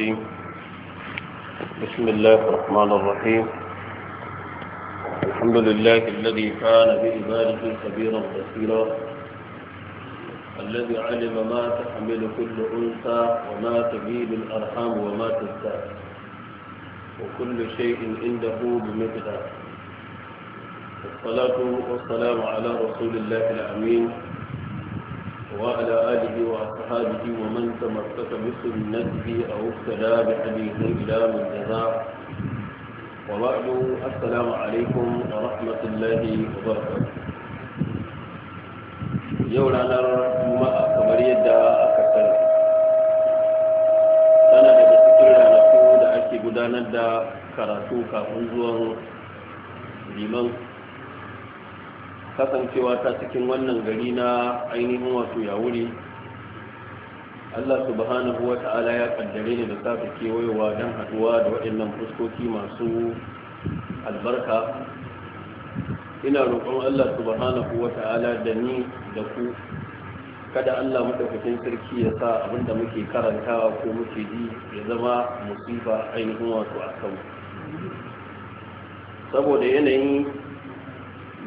الرجيم بسم الله الرحمن الرحيم الحمد لله الذي كان بإباده كبيرا بصيرا الذي علم ما تحمل كل أنثى وما تجيب الأرحام وما تزداد وكل شيء عنده بمقدار الصلاة والسلام على رسول الله الأمين وعلى آله وأصحابه ومن تمسك بسنته أو اقتدى بحديثه إلى من جزاء وبعد السلام عليكم ورحمة الله وبركاته يولا نرى ما أكبر يدا أكثر أنا daga cikin ranaku da ake gudanar da karatu kafin zuwan liman kasancewa ta cikin wannan gari na ainihin wato ya wuri Allah subhanahu wa ta'ala ya kaddare ni da sake kewayowa don haduwa da waɗannan fuskoki masu albarka ina roƙon Allah subhanahu wa ta'ala da ni da ku kada Allah madaukakin sarki ya sa abin da muke karantawa ko muke ji ya zama musifa ainihin wato a saboda yanayin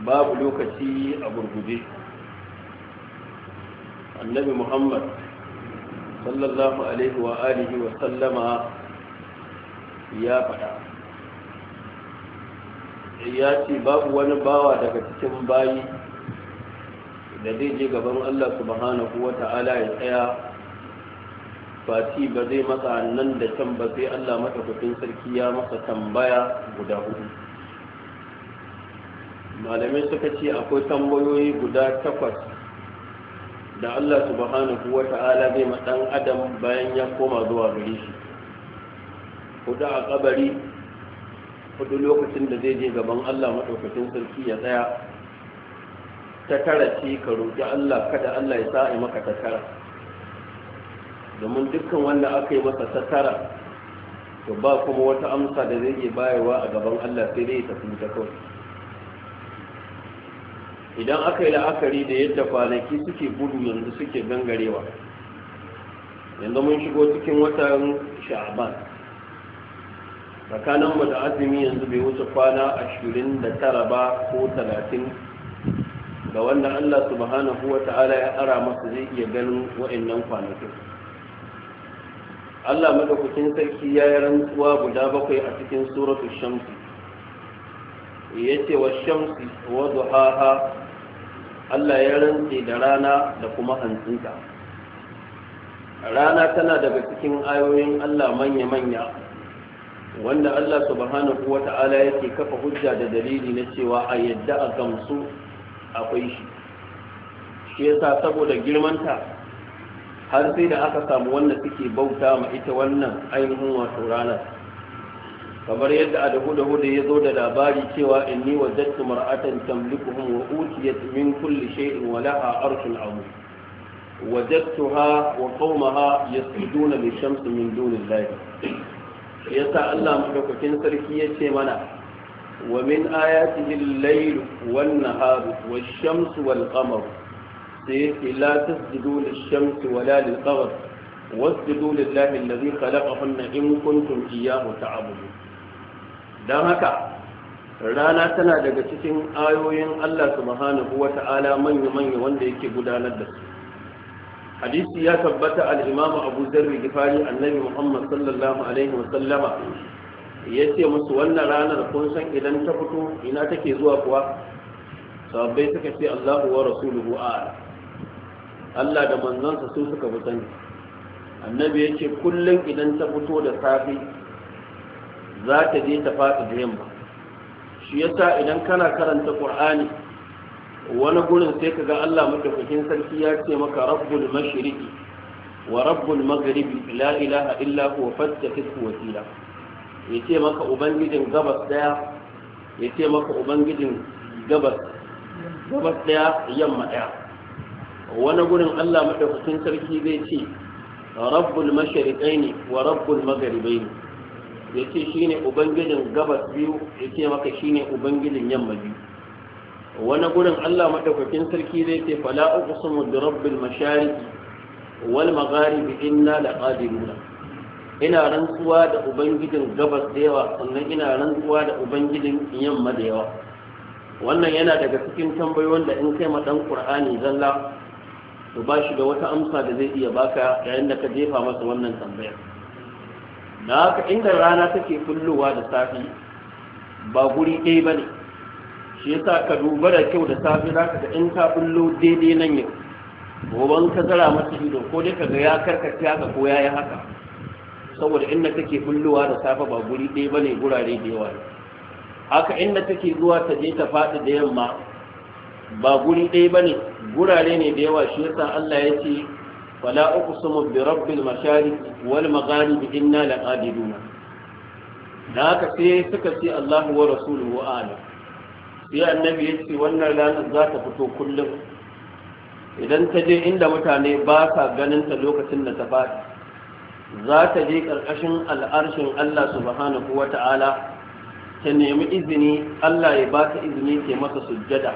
babu lokaci a gurguje annabi muhammad sallallahu alaihi wa alihi wa sallama ya faɗa ya ce babu wani bawa daga cikin bayi da zai je gaban allah subhanahu wa ta'ala ya tsaya fati ba zai masa nan da can ba sai allah kudin sarki ya masa tambaya guda hudu malamai suka ce akwai tambayoyi guda takwas da Allah subhanahu wa ta'ala zai matsan adam bayan ya koma zuwa gare shi hudu a kabari hudu lokacin da zai je gaban Allah maɗaukacin sarki ya tsaya ta tara ce ka roƙi Allah kada Allah ya sa'i maka ta tara domin dukkan wanda aka yi masa ta tara to ba kuma wata amsa da zai iya bayarwa a gaban Allah sai dai ya tafi ta kawai idan aka yi la'akari da yadda kwanaki suke gudu yanzu suke gangarewa yanzu mun shigo cikin watan sha'aban Tsakanin da azumi yanzu bai wuce kwana ashirin da tara ba ko talatin ga wanda allah subhanahu wa ta'ala ya ara masa zai iya ganin wa'annan kwanakin allah madaukakin sarki ya yi rantsuwa guda bakwai a cikin suratul shamsi ya ce wa shamsi wa duhaha Allah ya rantse da rana da kuma hantsinta rana tana daga cikin ayoyin Allah manya-manya wanda Allah subhanahu wa ta'ala yake kafa hujja da dalili na cewa a yadda a gamsu akwai shi shi yasa saboda girmanta har sai da aka samu wanda suke bauta ma ita wannan ainihin wato ranar kamar yadda a dahuda huda ya zo da labari cewa inni wajadtu mar'atan tamlikuhum wa utiyat min kulli shay'in wa laha arshun azim wajadtuha wa qaumaha yasjuduna lishamsi min dunillahi yasa Allah madaukakin sarki ya ce mana wa min shamsu ومن آياته الليل والنهار والشمس والقمر لا تسجدوا للشمس ولا للقمر واسجدوا لله الذي خلقهن إن كنتم إياه تعبدون don haka rana tana daga cikin ayoyin Allah subhanahu wa ta'ala manya-manya wanda yake gudanar da su hadisi ya tabbata al-imamu abu zarri gifari annabi muhammad sallallahu alaihi wa sallama ya ce musu wannan ranar kun san idan ta fito ina take zuwa kuwa sabai suka ce allahu wa rasuluhu a Allah da manzansa su suka fi sani annabi ya ce kullum idan ta fito da safi za ta je ta faɗi da yamma shi yasa idan kana karanta ƙur'ani wani gurin sai ka ga Allah madaukakin sarki ya ce maka rabbul mashriqi wa rabbul maghribi la ilaha illa huwa fattakihu wasila yace maka ubangijin gabas daya yace maka ubangijin gabas gabas daya yamma daya wani gurin Allah madaukakin sarki zai ce rabbul mashriqaini wa rabbul maghribaini ya ce shi ne ubangijin gabas biyu ya ce maka shi ne ubangijin yamma biyu wani gurin allah maɗaukakin sarki zai ce fala uqsimu bi rabbil mashari wal bi inna laqadiruna ina rantsuwa da ubangijin gabas da yawa sannan ina rantsuwa da ubangijin yamma da yawa wannan yana daga cikin tambayoyin da in kai ma dan ƙur'ani zalla to ba shi da wata amsa da zai iya baka yayin da ka jefa masa wannan tambayar na haka inda rana take kulluwa da safi ba guri ɗaya ba ne shi sa ka duba da kyau da safi za ka ga in ka kullo daidai nan yau goban ka zara masa ido ko dai ka ga ya karkace haka ko ya yi haka saboda inda take kulluwa da safe ba guri ɗaya ba ne gurare da yawa haka inda take zuwa ta je ta faɗi da yamma ba guri ɗaya ba ne gurare ne da yawa shi ya sa Allah ya ce فلا أقسم برب المشارق والمغارب إنا لقادرون ذاك سي سكتي الله ورسوله وآله في النبي يسي وانا لان ذات فتو كله idan ta je inda mutane ba sa ganinta lokacin da ta faɗi za ta je ƙarƙashin al'arshin Allah subhanahu wa ta'ala ta nemi izini Allah ya ba ta izini ke masa sujjada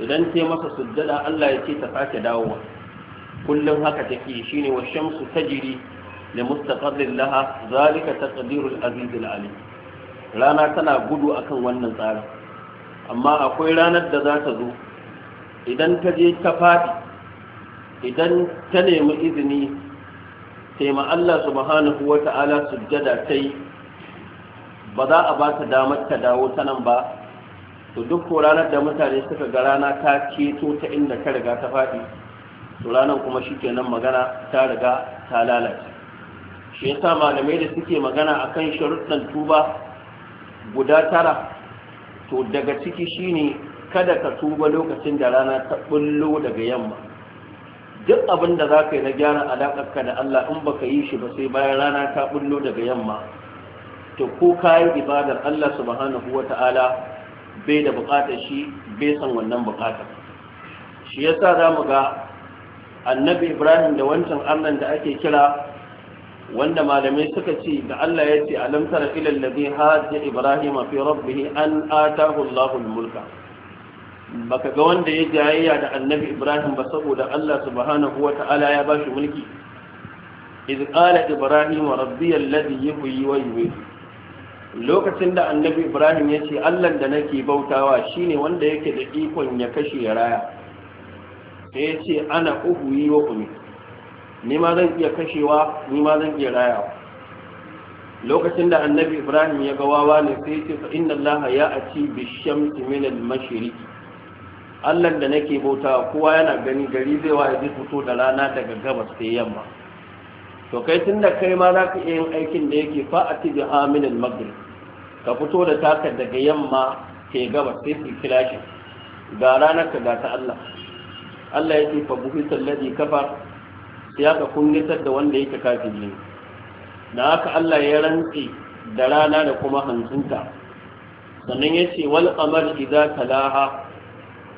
idan ke masa sujjada Allah ya ce ta sake dawowa kullum haka take shine wa shamsu tajri li mustaqarrin laha zalika taqdirul aziz alim rana tana gudu akan wannan tsari. amma akwai ranar da za ta zo idan ta je ta faɗi idan ta nemi izini ma Allah subhanahu Wata'ala ta'ala sujjada ta yi ba za a ba ta damar ta dawo ta nan ba to duk ko ranar da mutane suka ga rana ta ceto ta inda ta riga ta faɗi to ranar kuma shikenan magana ta riga ta lalace shi yasa malamai da suke magana akan sharuɗan tuba guda tara to daga ciki shine kada ka tuba lokacin da rana ta bullo daga yamma duk abin da za ka yi na gyara alaƙarka da Allah in baka yi shi ba sai bayan rana ta bullo daga yamma to ko ka yi ibadar Allah subhanahu wa ta'ala bai da buƙatar shi bai san wannan buƙatar shi yasa za mu ga annabi ibrahim da wancan allan da ake kira wanda malamai suka ce da allah ya ce alam tara ila allazi hajja ibrahim fi rabbih an atahu allahul mulka baka ga wanda ya jayayya da annabi ibrahim ba saboda allah subhanahu ta'ala ya bashi mulki iz qala ibrahim rabbi alladhi yuhyi wa yumiitu lokacin da annabi ibrahim ya ce allah da nake bautawa shine wanda yake da ikon ya kashe ya raya da ya ce ana uhu yi wa umi ni ma zan iya kashewa ni ma zan iya rayawa lokacin da annabi ibrahim ya ga wawa ne sai ce fa inna allah ya ati bi shamsi min al allah da nake bauta kowa yana gani gari zai wa ya fito da rana daga gabas sai yamma to kai tunda kai ma za ka iya yin aikin da yake fa ati bi amin al maghrib ka fito da taka daga yamma ke gabas sai su kira shi ga ranar ka ga ta allah Allah ya ce fa ladi ladhi kafar sai aka kunyatar da wanda yake kafiri da haka Allah ya rantsi da rana da kuma hantsinta sannan ya ce wal qamar idza talaha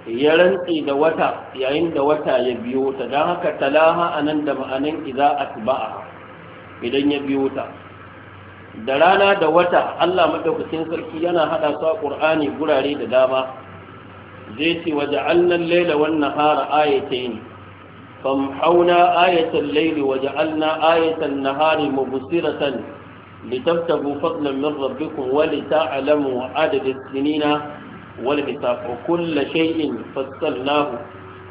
ya rantsi da wata yayin da wata ya biyo ta don haka talaha a nan da ma'anin iza atba'a idan ya biyo ta da rana da wata Allah madaukakin sarki yana hada su a Qur'ani gurare da dama zai ce waje annan laila wannan hara ayatai ne famhauna ayatan laili waje anna ayatan nahari mubusiratan لتبتغوا wa من ربكم ولتعلموا عدد السنين والحساب وكل شيء فصلناه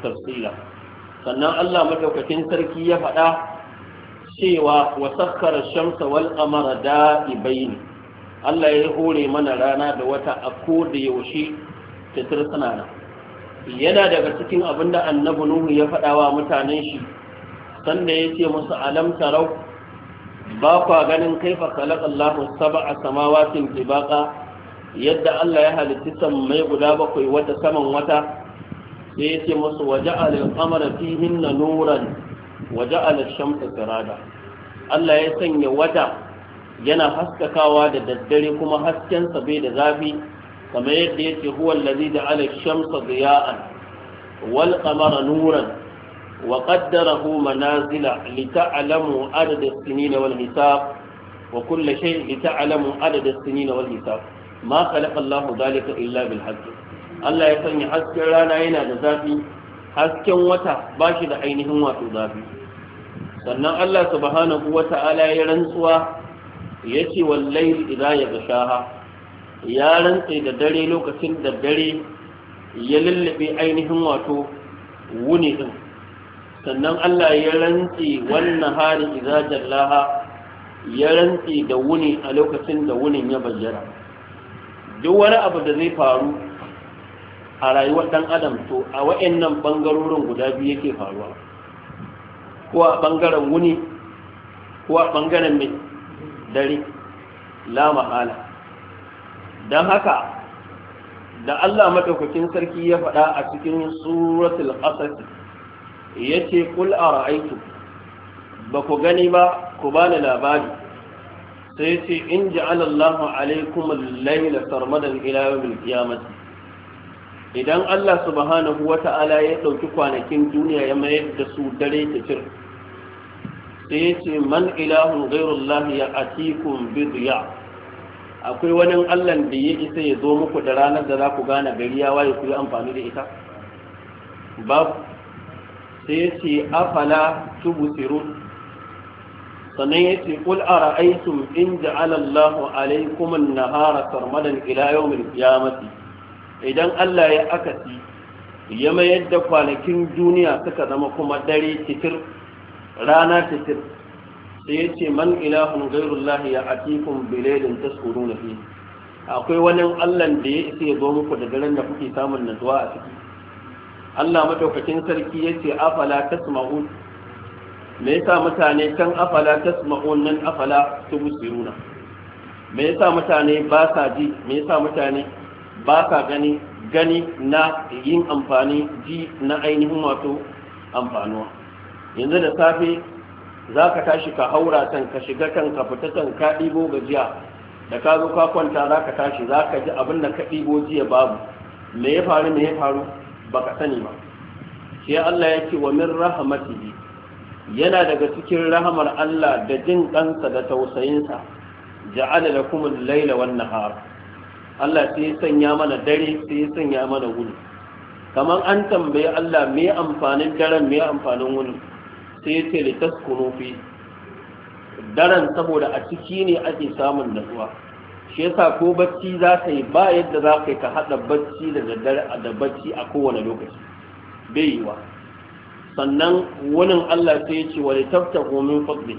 تفصيلا sannan Allah madaukakin sarki ya faɗa cewa wa sakkara shamsa wal qamara da'ibain Allah ya hore mana rana da wata a koda yaushe fitir suna nan yana daga cikin abin da annabi nuhu ya faɗa wa mutanen shi sanda ya ce musu alam tarau ba kwa ganin kaifa khalaqallahu sab'a samawatin tibaqa yadda Allah ya halitta sammai guda bakwai wata saman wata sai ya ce musu waja'al al-qamara fihinna nuran waja'al ash-shamsa sirada Allah ya sanya wata yana haskakawa da daddare kuma haskensa bai da zafi kamar yadda yake huwa allazi da ash-shamsa diya'an wal qamara nuran wa qaddarahu manazila lita'lamu adad as-sinin wal hisab wa kullu shay lita'lamu adad as-sinin wal hisab ma khalaqa Allahu dhalika illa bil haqq Allah ya sanya hasken rana yana da zafi hasken wata ba shi da ainihin wato zafi sannan Allah subhanahu wa ta'ala ya rantsuwa Yace ce wallai idan ya gashaha ya rantse da dare lokacin da dare ya lullube ainihin wato wuni din sannan Allah ya rantse wannan hari idza jallaha ya rantse da wuni a lokacin da wunin ya bayyana duk wani abu da zai faru a rayuwar dan adam to a wayannan bangarorin guda biyu yake faruwa ko a bangaren wuni ko a bangaren mai dare la mahala don haka da Allah madaukakin sarki ya faɗa a cikin suratul ce, yace a ra'aitu, ba ku gani ba ku bani labari sai ce in ja'ala Allahu layla sarmadan ila yawmil idan Allah subhanahu ta'ala ya ɗauki kwanakin duniya ya mayar da su dare ta cir sai ce man ilahun ghayrullahi ya tikun bi akwai wani allan da ya isa ya zo muku da ranar da za ku gane gari ya waye ku yi amfani da ita ba sai ce afala tubusirun sannan ya ce kul a ra'aitum in ja'ala alaikum an-nahara sarmadan ila yawmil qiyamati idan Allah ya akasi ya mayar da kwanakin duniya suka zama kuma dare titir rana titir sai ya ce man ilahun gairullah ya atikun ta tsoro na fi akwai wani allan da ya isa ya zo muku da garin da kuke samun natsuwa a ciki allah madaukakin sarki ya ce afala tasma'un me yasa mutane kan afala tasma'un nan afala tubsiruna me yasa mutane ba sa ji me yasa mutane ba sa gani gani na yin amfani ji na ainihin wato amfanuwa yanzu da safe za ka tashi ka haura can ka shiga can ka fita can ka ɗibo gajiya da ka zo ka kwanta za ka tashi za ka ji abin da ka ɗibo jiya babu me ya faru me ya faru ba ka sani ba sai Allah ya ce wa min rahmatihi yana daga cikin rahamar Allah da jin kansa da tausayinsa ja'ala lakum al-laila wan nahar Allah sai ya sanya mana dare sai ya sanya mana wuni kamar an tambaye Allah me amfanin daren me amfanin wuni sai ya ce daren saboda a ciki ne ake samun natsuwa shi yasa ko bacci za ka yi ba yadda za ka yi ka haɗa bacci da daddare da bacci a kowane lokaci bai yiwa sannan wunin Allah sai yi ce wa litaftahu min fadli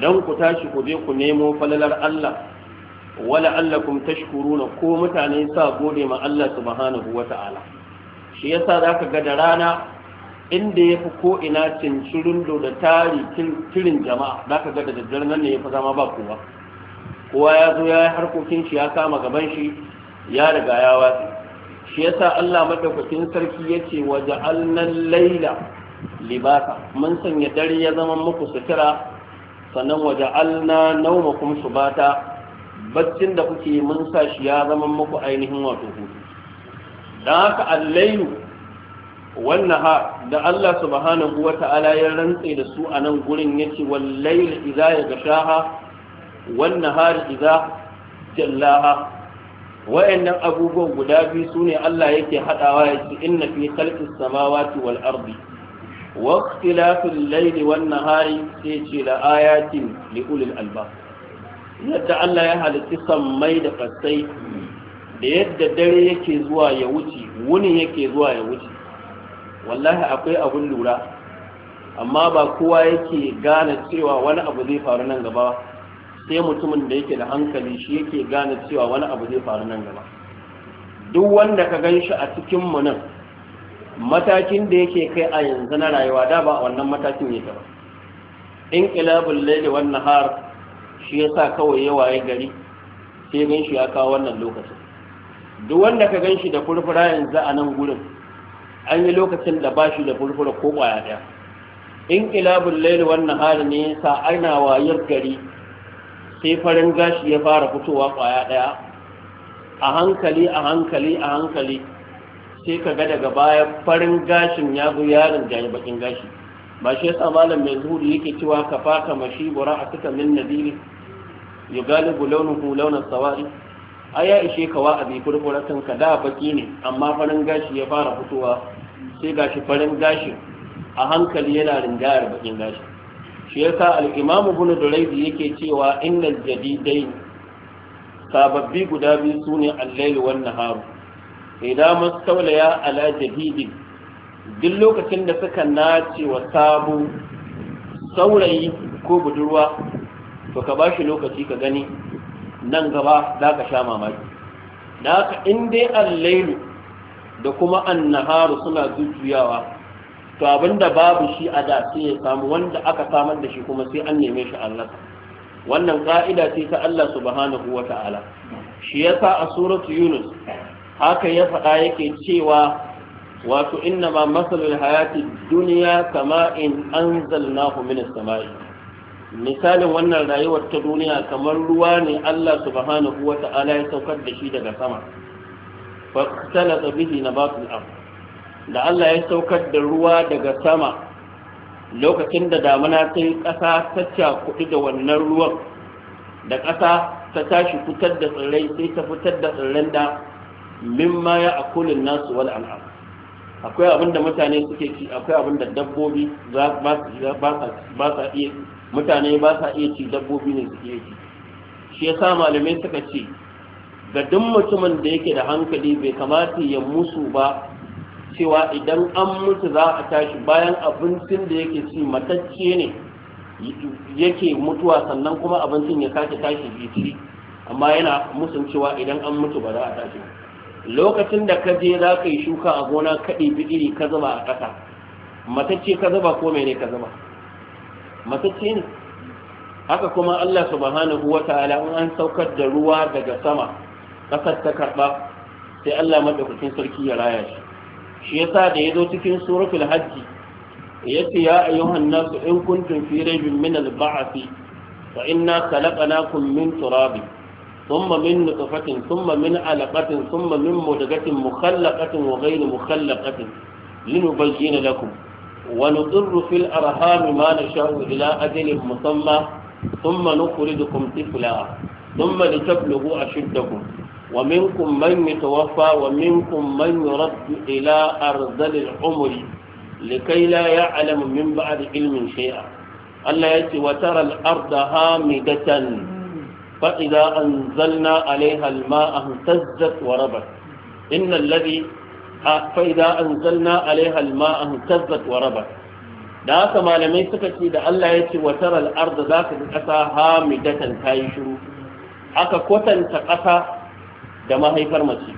dan ku tashi ku je ku nemo falalar Allah wala allakum tashkuruna ko mutane sa gode ma Allah subhanahu wata'ala shi yasa zaka ga da rana inda ya fi ko ina cincirin da tari kirin jama'a za ka ga da daddare nan ne ya fi zama ba kowa kowa ya zo ya yi harkokin shi ya kama gaban shi ya riga ya watsi shi ya sa Allah madaukakin sarki ya yace wa ja'alnal laila libasa mun sanya dare ya zama muku sutura sannan wa ja'alna nawmakum subata baccin da kuke mun sa shi ya zama muku ainihin wato hutu dan haka al wannan ha da Allah subhanahu wa ta'ala ya rantse da su a nan gurin yace wallail idza yaghshaha wan nahar idza jallaha wa'annan abubuwan guda biyu sune Allah yake hadawa yace inna fi khalqis samawati wal ardi wa ikhtilafil layli wan nahari sai ce la ayatin li ulil albab yadda Allah ya halitta sammai da fasai da yadda dare yake zuwa ya wuce wuni yake zuwa ya wuce wallahi akwai abun lura amma ba kowa yake gane cewa wani abu zai faru nan gaba sai mutumin da yake da hankali shi yake gane cewa wani abu zai faru nan gaba duk wanda ka gan shi a cikin mu nan matakin da yake kai a yanzu na rayuwa da ba wannan matakin yake ba in kilabul laili wan nahar shi yasa kawai ya waye gari sai gan shi ya kawo wannan lokacin duk wanda ka gan shi da furfura yanzu a nan gurin an yi lokacin da bashi da furfura ko kwaya daya in ilabun laili wannan hali ne sa aina wayar gari sai farin gashi ya fara fitowa kwaya ɗaya a hankali a hankali a hankali sai ka ga daga baya farin gashin ya zo yaron ya bakin gashi ba shi yasa malam mai zuhuri yake cewa ka faka mashi bura a suka min nadiri ya galibu launuhu launar sawari a ya ishe kawa a bai kanka da baki ne amma farin gashi ya fara fitowa sai gashi farin gashi a hankali yana ringayar bakin gashi shi yasa alimamu bunu da duraydi yake cewa inda jadidai sababbi guda biyu sune al-layl wan nahar idan mastawlaya ala jadidin duk lokacin da suka nace wa sabu saurayi ko budurwa to ka bashi lokaci ka gani nan gaba za ka sha mamaki da haka in dai allailu da kuma annaharu suna zuciyawa. to abinda babu shi a da sai ya samu wanda aka samar da shi kuma sai an neme shi Allah wannan ka'ida ce ta Allah subhanahu wata'ala shi yasa a suratu yunus haka ya faɗa yake cewa wato inna ma masalul hayati duniya kama in anzalnahu min as-sama'i misalin wannan rayuwar ta duniya kamar ruwa ne Allah subhanahu wata'ala ya saukar da shi daga sama فاختلط به نبات الأرض da Allah ya saukar da ruwa daga sama lokacin da damuna ta yi ƙasa ta cakuɗi da wannan ruwan da ƙasa ta tashi fitar da tsirrai sai ta fitar da tsirran da mimma ya akulin nasu wal an'am akwai abin da mutane suke ci akwai abin da dabbobi ba sa iya mutane ba sa iya ci dabbobi ne suke ci shi yasa malamai suka ce ga duk mutumin da yake da hankali bai kamata ya musu ba cewa idan an mutu za a tashi bayan abincin da yake ci matacce ne yake mutuwa sannan kuma abincin ya kace tashi jikiri amma yana musun cewa idan an mutu ba za a tashi lokacin da ka je za ka yi shuka a gona kaɗi bigiri ka zuba a ƙasa matacce ka zuba ko mene ka zuba matacce ne haka kuma Allah subhanahu wa ta'ala in an saukar da ruwa daga sama ƙasar ta karɓa sai Allah madaukakin sarki ya raya shi shi yasa da ya zo cikin suratul hajji ya ce ya ayyuhan nasu in kuntum fi raibin min al-ba'thi fa inna khalaqnakum min turabi thumma min nutfatin thumma min alaqatin thumma min mudghatin mukhallaqatin wa ghayri mukhallaqatin linubayyana lakum ونضر في الأرهام ما نشاء إلى أجل مسمى ثم نخرجكم طفلا ثم لتبلغوا أشدكم ومنكم من يتوفى ومنكم من يرد إلى أرذل العمر لكي لا يعلم من بعد علم شيئا الله يأتي وترى الأرض هامدة فإذا أنزلنا عليها الماء اهتزت وربت إن الذي فإذا أنزلنا عليها الماء اهتزت وربت da haka malamai suka ce da Allah ya ce wataral arda za ka ji ƙasa hamidatan ta yi shiru aka kwatanta ƙasa da mahaifar mace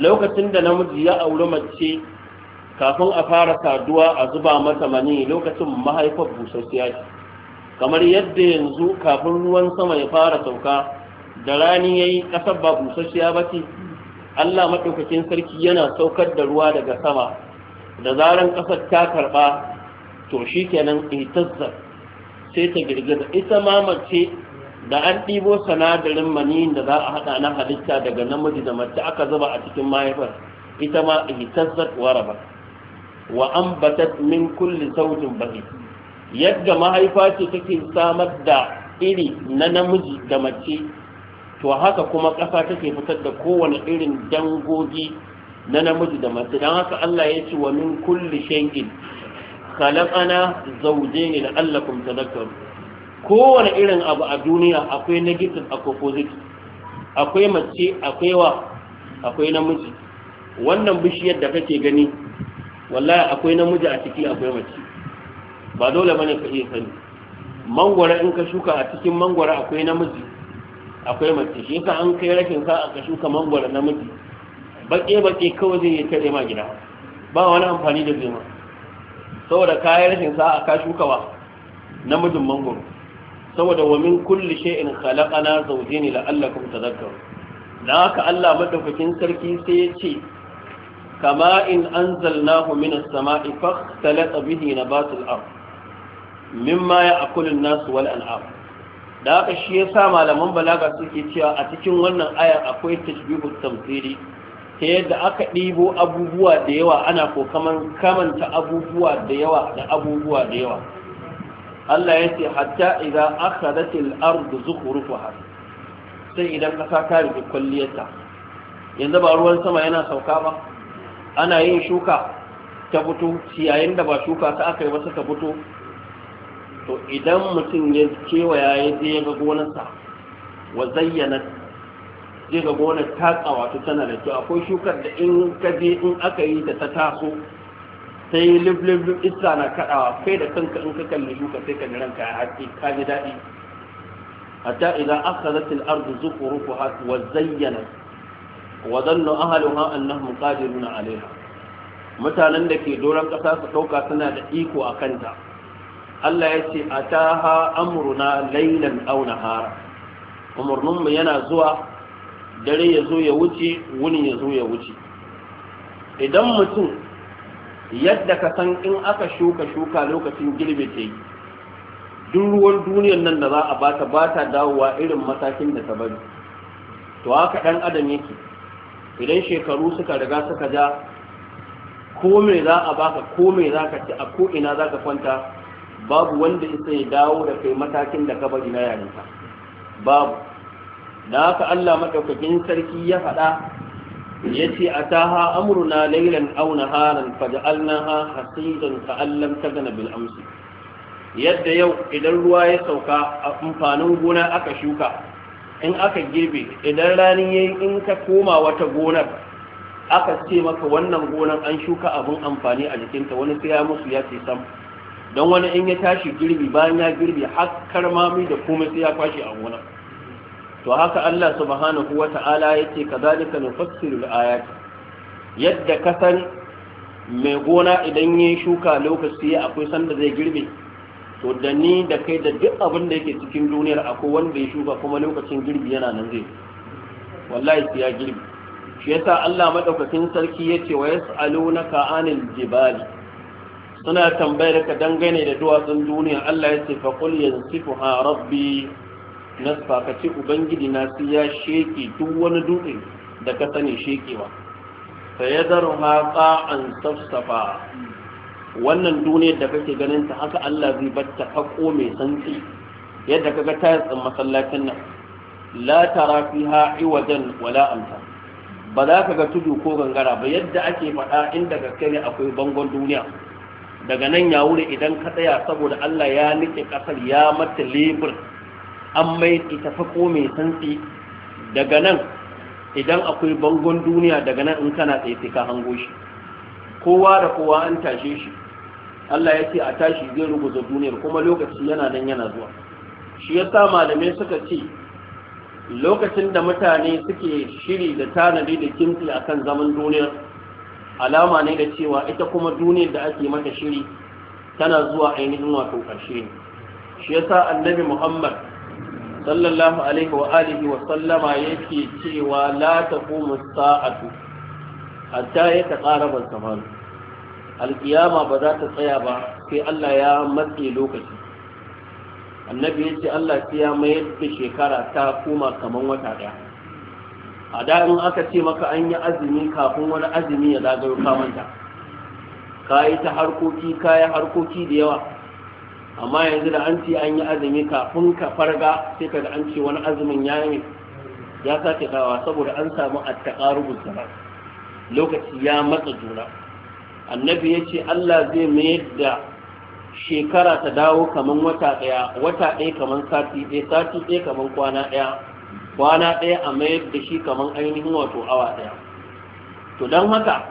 lokacin da namiji ya auri mace kafin a fara saduwa a zuba mata mani lokacin mahaifar ya ce kamar yadda yanzu kafin ruwan sama ya fara sauka da rani yayi ƙasar ba busasshiya ba ce Allah maɗaukakin sarki yana saukar da ruwa daga sama da zaran ƙasar ta karɓa to shi kenan sai ta girgiza ita ma mace da an ɗibo sanadarin maniyin da za a haɗa na halitta daga namiji da mace aka zuba a cikin mahaifar ita ma wara waraba wa batat min kulli sautin bahi yadda mahaifa ce take samar da iri na namiji da mace to haka kuma ƙasa take fitar da kowane irin dangogi na namiji da mace don haka Allah ya ce wa min kulli shay'in khalaqana zawjayn la'allakum tadhakkarun kowane irin abu a duniya akwai negative akwai positive akwai mace akwai wa akwai namiji wannan bishiyar da kake gani wallahi akwai namiji a ciki akwai mace ba dole bane ka iya sani mangwara in ka shuka a cikin mangwara akwai namiji akwai mace shi ka an kai rashin sa'a ka shuka mangwara namiji baƙe baƙe kawai zai yi tare ma gida ba wani amfani da zai ma saboda kayan rashin sa'a ka shuka wa namijin mangwara saboda wa min kulli shay'in khalaqana zawjaini la'allakum tadhakkarun dan haka Allah madaukakin sarki sai ya ce kama in anzalnahu minas sama'i khalaqa bihi nabatul ard mimma ya'kulu an-nas wal an'am da haka shi yasa malaman balaga suke cewa a cikin wannan aya akwai tashbihut tamthili ta yadda aka ɗibo abubuwa da yawa ana ko kamanta abubuwa da yawa da abubuwa da yawa Allah ya ce hatta idan aka datil ardu har, sai idan ƙasa ta rufe kwalliyarta yanzu ba ruwan sama yana sauka ba ana yin shuka ta fito yayin da ba shuka ta aka yi ba suka fito to idan mutum ya kewaya ya zai ga gonarsa wa zayyana zai ga gonar ta kawata tana da kyau akwai shukar da in ka je in aka yi da ta taso sai lublub isa na kaɗawa kai da kanka in ka kalli shuka sai ka ranka ya haske ka ji daɗi hatta idan akhadat al rufu zukhrufuha wa zayyana wa dhannu ahluha annahum qadiruna alaiha mutanen da ke doron ƙasa su ɗauka suna da iko a kanta Allah ya ce ataha amruna laylan aw nahara umurnun mu yana zuwa dare ya zo ya wuce wuni ya zo ya wuce idan mutum yadda ka san in aka shuka shuka lokacin girbe ta yi duk ruwan duniyar nan da za a bata ba ta dawowa irin matakin da ta bari to haka ɗan adam yake idan shekaru suka riga suka ja ko me za a baka ko me za ka ci a ko ina za ka kwanta babu wanda isa ya dawo da kai matakin da ka bari na yarinta babu da haka Allah maɗaukakin sarki ya faɗa yace ataha amruna laylan aw naharan faj'alnaha hasidan ka'an lam tagna bin amsi yadda yau idan ruwa ya sauka amfanin gona aka shuka in aka girbe idan rani yayi in ka koma wata gonar aka ce maka wannan gonar an shuka abin amfani a jikinta wani sai ya musu ya ce sam don wani in ya tashi girbi bayan ya girbi har karmami da komai sai ya kwashe a gonar to haka Allah subhanahu wa ta'ala ya ce ka zalika nufassirul ayat yadda ka san mai gona idan ya shuka lokaci akwai sanda zai girbe to da ni da kai da duk abin da yake cikin duniyar akwai wanda ya shuka kuma lokacin girbi yana nan zai wallahi sai ya girbi shi yasa Allah madaukakin sarki yace wa yas'alunaka anil jibali suna tambayar ka dangane da duwatsun duniya Allah ya ce fa qul yansifuha rabbi nasfa ka ce ubangiji na siya ya sheke duk wani dutse da ka sani shekewa fayadharha qa'an safsafa wannan duniyar da kake ganin ta haka Allah zai batta hako mai santsi yadda kaga tayatsin masallacin nan la tara fiha iwajan wala amta ba za ka ga tudu ko gangara ba yadda ake faɗa inda gaske ne akwai bangon duniya daga nan ya wuri idan ka tsaya saboda Allah ya nike kasar ya mata lebur an mai ita fako mai santsi daga nan idan akwai bangon duniya daga nan in kana tsaye sai ka hango shi kowa da kowa an tashe shi Allah ya ce a tashi zai rubuta duniyar kuma lokaci yana nan yana zuwa shi yasa malamai suka ce lokacin da mutane suke shiri da tanadi da kimti akan zaman duniyar alama ne da cewa ita kuma duniyar da ake mata shiri tana zuwa ainihin wato ƙarshe shi yasa annabi Muhammad sallallahu alaihi wa alihi wa sallama yake cewa la taqumu sa'atu hatta ya taqaraba zaman alkiyama ba za ta tsaya ba sai Allah ya matse lokaci annabi yace Allah sai ya mayar da shekara ta koma kaman wata daya a da in aka ce maka an yi azumi kafin wani azumi ya zagayo ka manta kayi ta harkoki kayi harkoki da yawa amma yanzu da an ce an yi azumi kafin ka farga sai ka da an ce wani azumin ya yi ya sake dawa saboda an samu attaqarubus zaman lokaci ya matsa juna annabi ya ce Allah zai mayar da shekara ta dawo kaman wata ɗaya, wata ɗaya kaman sati ɗaya, sati ɗaya kaman kwana ɗaya, kwana ɗaya a mayar da shi kaman ainihin wato awa ɗaya. to don haka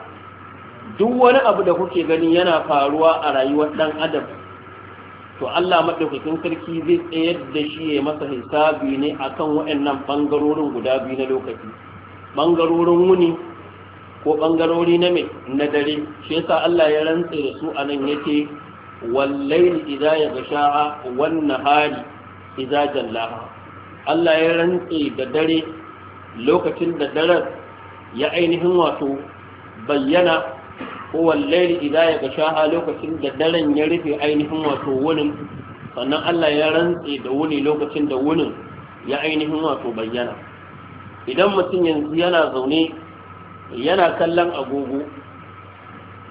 duk wani abu da kuke gani yana faruwa a rayuwar ɗan adam to Allah maɗaukakin sarki zai tsayar da shi ya masa hisabi ne akan waɗannan ɓangarorin guda biyu na lokaci ɓangarorin wuni ko ɓangarori na mai na dare shi yasa Allah ya rantse da su a nan yake wallail idza yaghsha wan nahari idza jallaha Allah ya rantse da dare lokacin da daren ya ainihin wato bayyana lairi idan ya a lokacin da daren ya rufe ainihin wato wunin sannan Allah ya rantse da wuni lokacin da wunin ya ainihin wato bayyana idan mutum yanzu yana zaune yana kallon agogo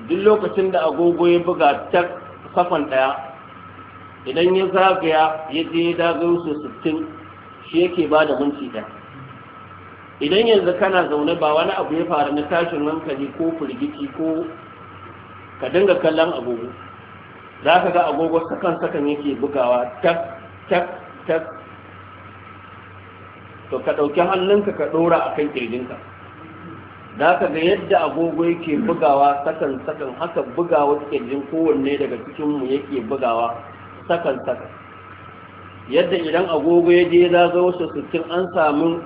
duk lokacin da agogo ya buga ta kafan daya idan ya zagaya ya je ya dagayo su sittin shi yake ba da minti ɗaya idan yanzu kana zaune ba wani abu ya faru na tashin hankali ko firgici ko ka dinga kallon agogo za ka ga agogo sakan sakan yake bugawa tak tak tak to ka ɗauki hannunka ka ɗora a kan ƙirjinka za ka ga yadda agogo yake bugawa sakan sakan haka bugawa ƙirjin kowanne daga cikinmu yake bugawa sakan sakan yadda idan agogo ya je za ga wasu sittin an samu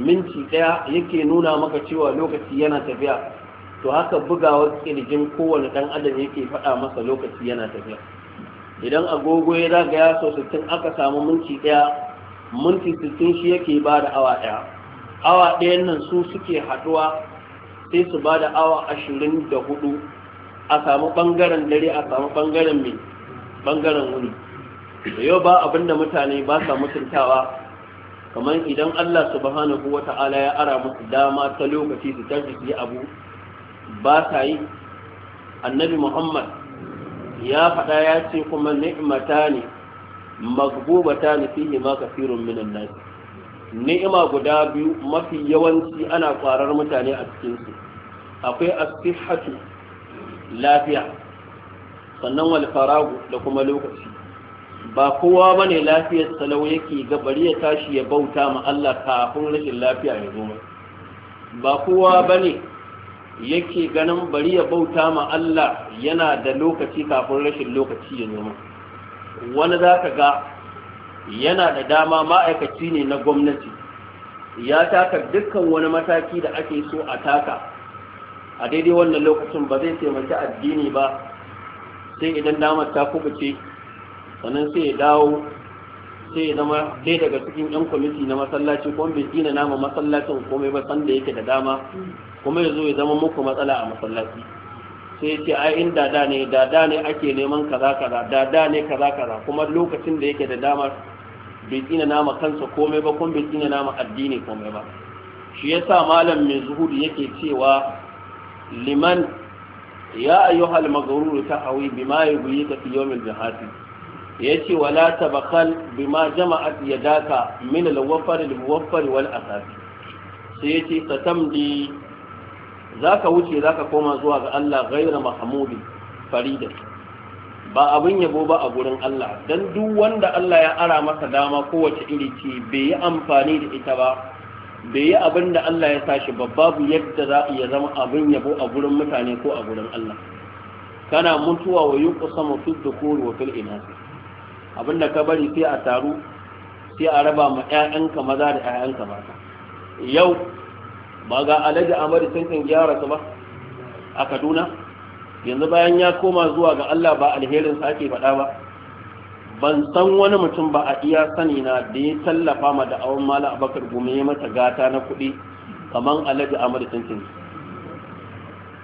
minti ɗaya yake nuna maka cewa lokaci yana tafiya to haka bugawa kirjin kowane ɗan adam yake faɗa masa lokaci yana tafiya idan agogo ya ya so sittin aka samu minti ɗaya minti sittin shi yake ba da awa ɗaya awa ɗayan nan su suke haɗuwa sai su ba da awa ashirin da hudu a samu ɓangaren dare a samu ɓangaren mai ɓangaren wuni da yau ba abin da mutane ba sa mutuntawa kamar idan allah subhanahu wa ta'ala ya ara musu dama ta lokaci su tafi su yi abu ba ta yi annabi muhammad ya faɗa ya ce kuma ni'mata ne magbubata ne fihi ma kafirun minan nasi ni'ima guda biyu mafi yawanci ana kwarar mutane a cikinsu akwai asihatu lafiya sannan wal faragu da kuma lokaci ba kowa bane lafiyar salau yake ga bari ya tashi ya bauta ma Allah kafin rashin lafiya ya zo ba kowa bane yake ganin bari ya bauta ma Allah yana da lokaci kafin rashin lokaci ya zama wani za ka ga yana da dama ma'aikaci ne na gwamnati ya taka dukkan wani mataki da ake so a taka a daidai wannan lokacin ba zai taimaki addini ba sai idan damar ta kubuce sannan sai ya dawo sai ya zama dai daga cikin 'yan kwamiti na masallaci ko bai dina nama masallacin komai ba sanda yake da dama kuma ya zo ya zama muku matsala a masallaci sai ce ai in dada ne dada ne ake neman kaza kaza dada ne kaza kaza kuma lokacin da yake da dama bai tsina nama kansa komai ba kuma bai tsina nama addini komai ba shi yasa malam mai zuhudi yake cewa liman ya ayyuhal ta ta'awi bima ka fi yawmil jihad yace wala tabakhal bima jama'at yadaka min al-wafar al-muwaffar wal asasi.' sai yace satamdi za ka wuce za ka koma zuwa ga Allah gaira Mahmudi, farida ba abin yabo ba a gurin Allah don duk wanda Allah ya ara masa dama kowace iri ce bai yi amfani da ita ba bai yi abin da Allah ya tashi babu yadda za a iya zama abin yabo a gurin mutane ko a gurin Allah kana mutuwa wa yuku sama fi dukuri wa fil abin ka bari sai a taru sai a raba ma 'ya'yanka maza da 'ya'yanka mata yau ba ga alhaji amari sun kan gyara su ba a kaduna yanzu bayan ya koma zuwa ga allah ba alherin sa ake faɗa ba ban san wani mutum ba a iya sani na da ya tallafa ma da awon mala abakar gume ya mata gata na kuɗi kamar alhaji amari sun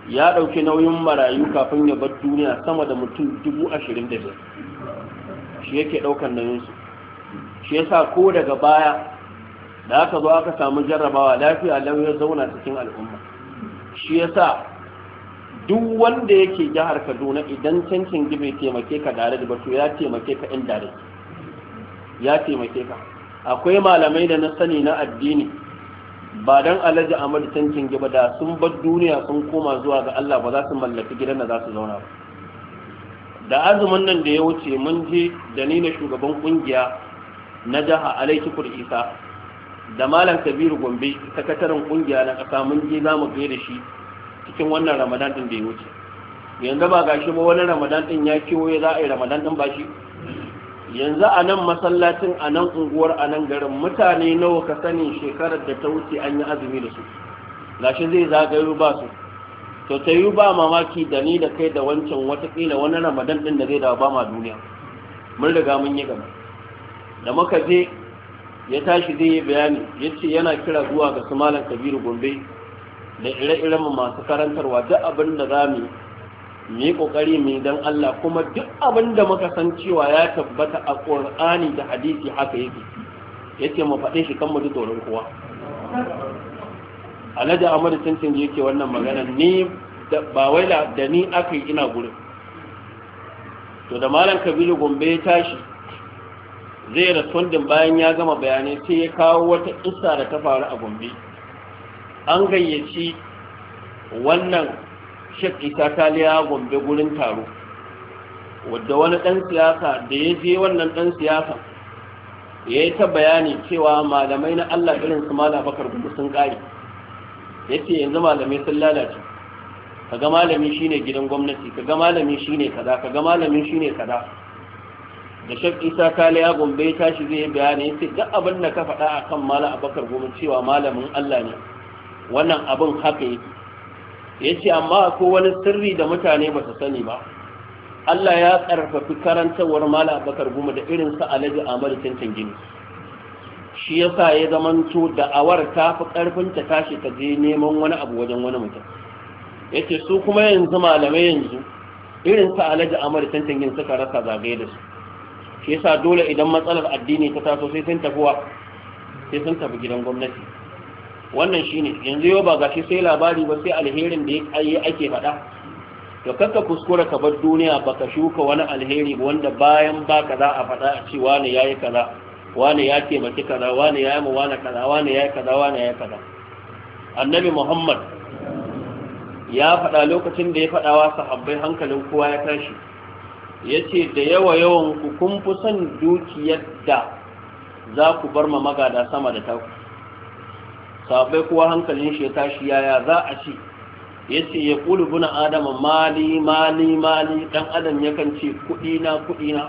ya ɗauki nauyin marayu kafin ya bar duniya sama da mutum dubu ashirin da biyar shi yake ɗaukar nauyinsu shi yasa ko daga baya da aka zo aka samu jarrabawa lafiya lau ya zauna cikin al'umma shi ya sa duk wanda yake jihar Kaduna idan cancin gibe taimake ka dare da batu ya taimake ka in dare ya taimake ka akwai malamai da na sani na addini ba don alaji Amadu cancin gibe da sun bar duniya sun koma zuwa ga Allah ba za su mallaki gidan da za su zauna ba da azumin nan da ya wuce mun je da ni na shugaban kungiya na jiha alaikikul isa da malam kabiru gombe sakataren kungiya na kasa mun je za mu da shi cikin wannan ramadan din da ya wuce yanzu ba gashi ba wani ramadan din ya kiwo za a yi ramadan din ba shi yanzu a nan masallacin a nan unguwar a nan garin mutane nawa ka sani shekarar da ta wuce an yi azumi da su gashi zai zagayo ba su to ta yi ba mamaki da ni da kai da wancan watakila wani ramadan din da zai dawo ba ma duniya mun riga mun yi gaba da muka je ya tashi zai yi bayani ya ce yana kira zuwa ga su malam kabiru gombe da ire-iren masu karantarwa duk abin da za mu yi kokari mai don Allah kuma duk abin da muka san cewa ya tabbata a ƙorani da hadisi haka yake ya ce mafaɗe shi kan mutu tsoron kowa Alhaji cincin Tintin yake wannan magana ni ba wai da ni aka yi ina gurin to da malam Kabiru Gombe ya tashi zai rasundin bayan ya gama bayanai sai ya kawo wata isa da ta faru a gombe an gayyaci wannan shek isa taliya gombe gurin taro wadda wani dan siyasa da ya je wannan dan siyasa ya yi ta bayani cewa malamai na allah irin su mala bakar gudu sun ƙari ya ce yanzu malamai sun lalace Ka ga malami shine gidan gwamnati Ka ga malami shine kaza ga malami shine kaza da shek isa kale ya gombe ya tashi zai yi bayani ce, duk abin da ka faɗa a kan malam abakar goma cewa malamin allah ne wannan abin haka yake ya ce amma ko wani sirri da mutane ba su sani ba allah ya ƙarfafi karantarwar malam abakar goma da irin sa alhaji amal tantan gini shi ya sa ya zamanto da'awar ta fi ƙarfin ta tashi ta je neman wani abu wajen wani mutum ya ce su kuma yanzu malamai yanzu irin sa alhaji amal tantan gini suka rasa zagaye da su shi yasa dole idan matsalar addini ta taso sai sun wa sai sun tafi gidan gwamnati wannan shine yanzu yau ba shi sai labari ba sai alherin da ya ake faɗa to kakka kuskura ka bar duniya baka shuka wani alheri wanda bayan baka za a faɗa a ce wani yayi kaza wani ya taimaki kaza wani ya yi mu wani kaza wani ya yi kaza wani ya yi kaza annabi muhammad ya faɗa lokacin da ya faɗawa sahabbai hankalin kowa ya tashi Ya ce, da yawa yawan ku kun fi son dukiyar da za ku bar ma magada sama da taku sabai kuwa hankalin shi ya tashi yaya za a ce yace ya qulu buna adama mali mali mali dan adam yakan ce kuɗi na kuɗi na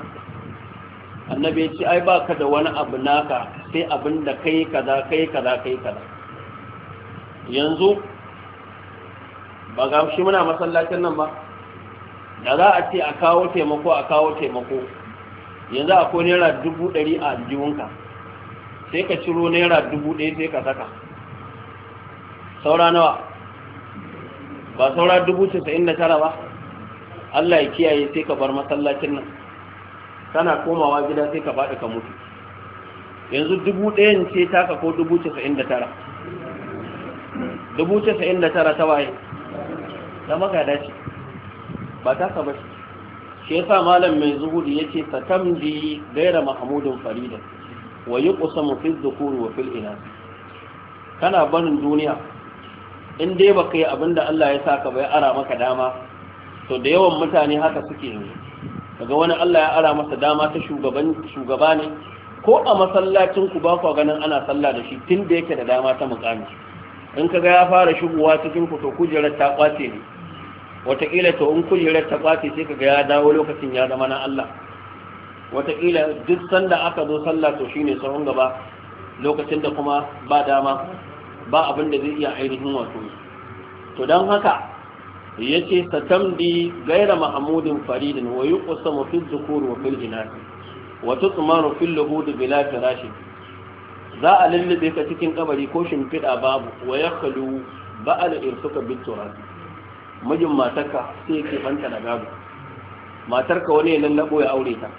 annabi ya ce ai ba ka da wani abu naka sai abin da kai kaza kai kaza kai kaza yanzu ba ga shi muna masallacin nan ba da za a ce a kawo taimako a kawo taimako yanzu akwai naira dubu ɗari a aljihunka sai ka ciro naira dubu ɗaya sai ka saka saura nawa ba saura dubu casa'in da tara ba allah ya kiyaye sai ka bar masallacin nan kana komawa gida sai ka faɗi ka mutu yanzu dubu ɗayan ce taka ko dubu casa'in da tara dubu casa'in da tara ta waye ta maka dace ba ta ka bashi shi yasa malam mai zuhudi yace fatamdi gaira mahmudun farida wa yuqsamu fi dhukur wa fil inas kana barin duniya in dai baka yi abinda Allah ya saka bai ara maka dama to da yawan mutane haka suke ne daga wani Allah ya ara masa dama ta shugaban shugaba ne ko a masallacin ku ba ku ganin ana sallah da shi tun da yake da dama ta mukami in kaga ya fara shigowa cikin ku to kujerar ta kwace ne wataƙila to in kujerar ta ɓaci sai kaga ya dawo lokacin ya zama na Allah wataƙila duk sanda aka zo sallah to shine sahun gaba lokacin da kuma ba dama ba abin da zai iya ainihin wato to don haka ya ce satamdi gaira mahamudin faridin wa yi kusa mafi zukur wa fil jinasi wa fil bila za a lullube ka cikin kabari ko shimfiɗa babu wa ya kalu ba'al irsuka bitura mijin matarka sai ke banta da gado matarka wani ya na ya aure ta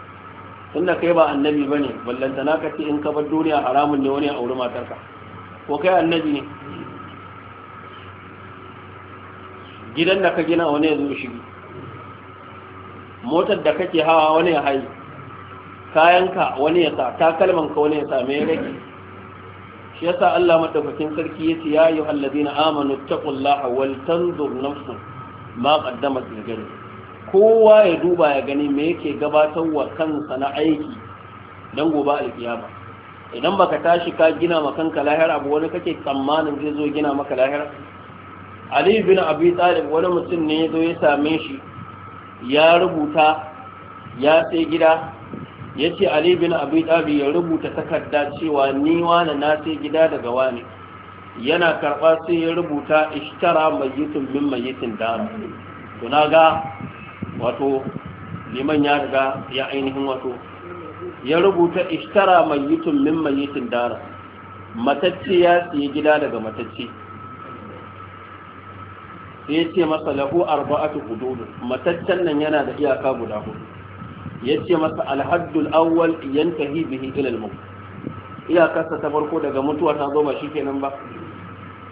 tunda kai ba annabi ba ne, ballanta na ce in ka bar duniya haramun ne wani ya aure matarka ko kai annabi ne gidan da ka gina wani ya zo shigi motar da kake hawa wani ya hayi kayanka wani ya sa takalmanka wani ya sa me rage shi yasa Allah madaukakin sarki yace ya ayu alladina amanu taqullaha wal tanzur nafsun ma qaddamat ligani kowa ya duba ya gani me yake gabatarwa kansa na aiki dan gobe alkiyama idan baka tashi ka gina ma kanka lahira abu wani kake tsammanin zai zo gina maka lahira Ali bin Abi Talib wani mutum ne ya zo ya same shi ya rubuta ya sai gida ya ce ali bin abi ya rubuta takarda cewa ni wani na sai gida daga wani yana karba sai ya rubuta ishtara mayitin min mayitin dara to na ga wato liman ya riga ya ainihin wato ya rubuta ishtara mayitin min mayitin dara matacce ya siye gida daga matacce sai ce masa lahu arba'atu hududu mataccen nan yana da iyaka guda hudu yace masa alhaddul awwal yantahi bihi ila al-maut iyakarsa ta farko daga mutuwa ta zo ba shikenan ba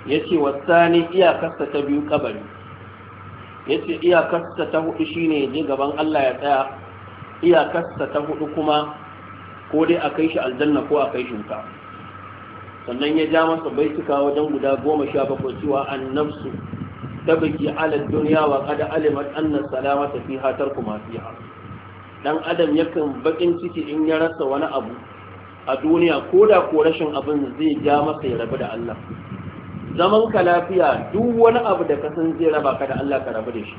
yace wasani iyakarsa ta biyu kabari yace iyakarsa ta hudu shine je gaban Allah ya tsaya iyakarsa ta hudu kuma ko dai a kai shi aljanna ko a kai shi sannan ya ja masa baituka wajen guda goma sha bakwai cewa ta biki ala dunya wa qad alimat anna salamata fiha tarku ma fiha dan adam yakan bakin ciki in ya rasa wani abu a duniya ko da ko rashin abin zai ja masa ya rabu da Allah zaman ka lafiya duk wani abu da ka san zai raba ka da Allah ka rabu da shi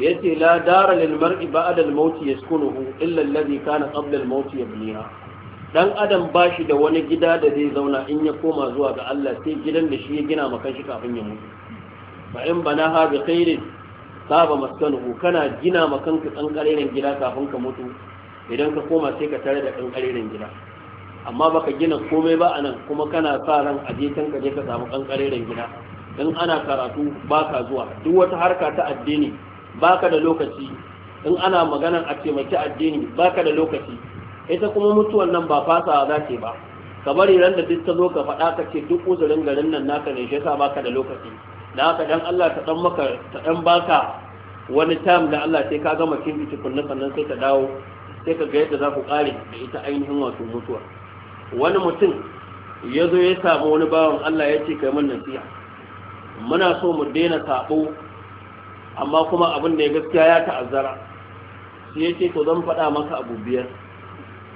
yace la dara lil mar'i ba'da al maut yaskunuhu illa alladhi kana qabla al maut yabniha dan adam ba shi da wani gida da zai zauna in ya koma zuwa ga Allah sai gidan da shi ya gina maka shi kafin ya mutu fa in bana ha bi khairin saba maskanuhu kana gina ma kanka tsankareren gida kafin ka mutu idan ka koma sai ka tare da tsankareren gida amma baka gina komai ba a nan kuma kana sa ran aje can ka je ka samu tsankareren gida in ana karatu baka zuwa duk wata harka ta addini baka da lokaci in ana maganar a taimaki addini baka da lokaci ita kuma mutuwan nan ba fasawa za ba ka bari ran da duk ta zo ka faɗa ka ce duk uzurin garin nan naka ne shi yasa baka da lokaci da aka dan Allah ta dan maka ta dan baka wani tam da Allah sai ka gama kin biki kullun sannan sai ka dawo sai ka ga yadda za ku kare da ita ainihin wato mutuwa wani mutum ya zo ya samu wani bawan Allah ya ce kai mun nasiha muna so mu daina sabo amma kuma abin da ya gaskiya ya ta'azzara sai ya ce to zan faɗa maka abu biyar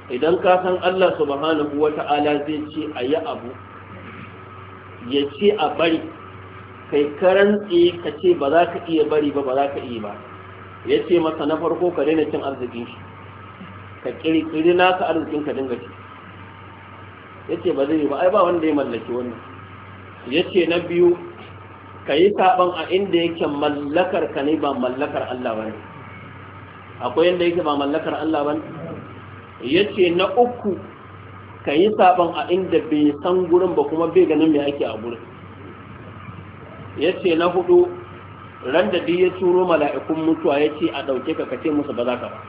idan ka san Allah subhanahu wata'ala zai ce a yi abu ya ce a bari kai karan tsaye ka ce ba za ka iya bari ba ba za ka iya ba ya ce masa na farko ka daina cin arzikin shi ka kirkiri naka arzikin ka dinga ci ya ce ba zai ba ai ba wanda ya mallaki wannan ya ce na biyu ka yi saɓan a inda yake mallakar ka ne ba mallakar Allah ba ne akwai inda yake ba mallakar Allah ba ne ya ce na uku ka yi saɓan a inda bai san gurin ba kuma bai ganin mai ake a gurin yace na hudu ran da ya turo mala'ikun mutuwa ya ce a ɗauke ka kace musu ba za ka ba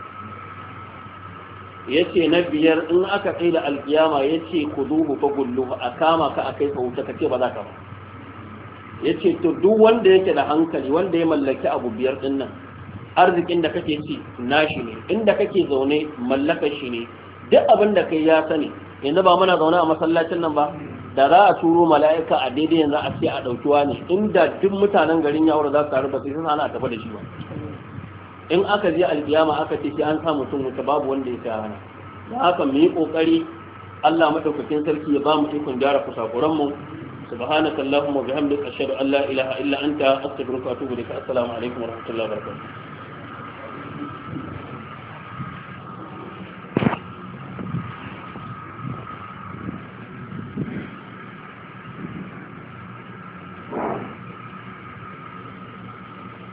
ya na biyar in aka kai da alkiyama ya ce ku duhu fa gullu a kama ka a kai ka wuta kace ba za ka ba ya ce to duk wanda yake da hankali wanda ya mallaki abu biyar din nan arzikin da kake ci nashi ne inda kake zaune mallakar shi ne duk abin da kai ya sani yanzu ba muna zaune a masallacin nan ba da za a turo mala'ika a daidai yanzu a ce a ɗauki wani inda duk mutanen garin yawon za su taru ba sai sun hana a da shi ba in aka je alkiyama aka ce shi an sa mutum wuta babu wanda ya sa hana da haka mu yi kokari Allah mataukakin sarki ya ba mu ikon gyara kusakuran mu subhanakallahumma wa bihamdika ashhadu an la ilaha illa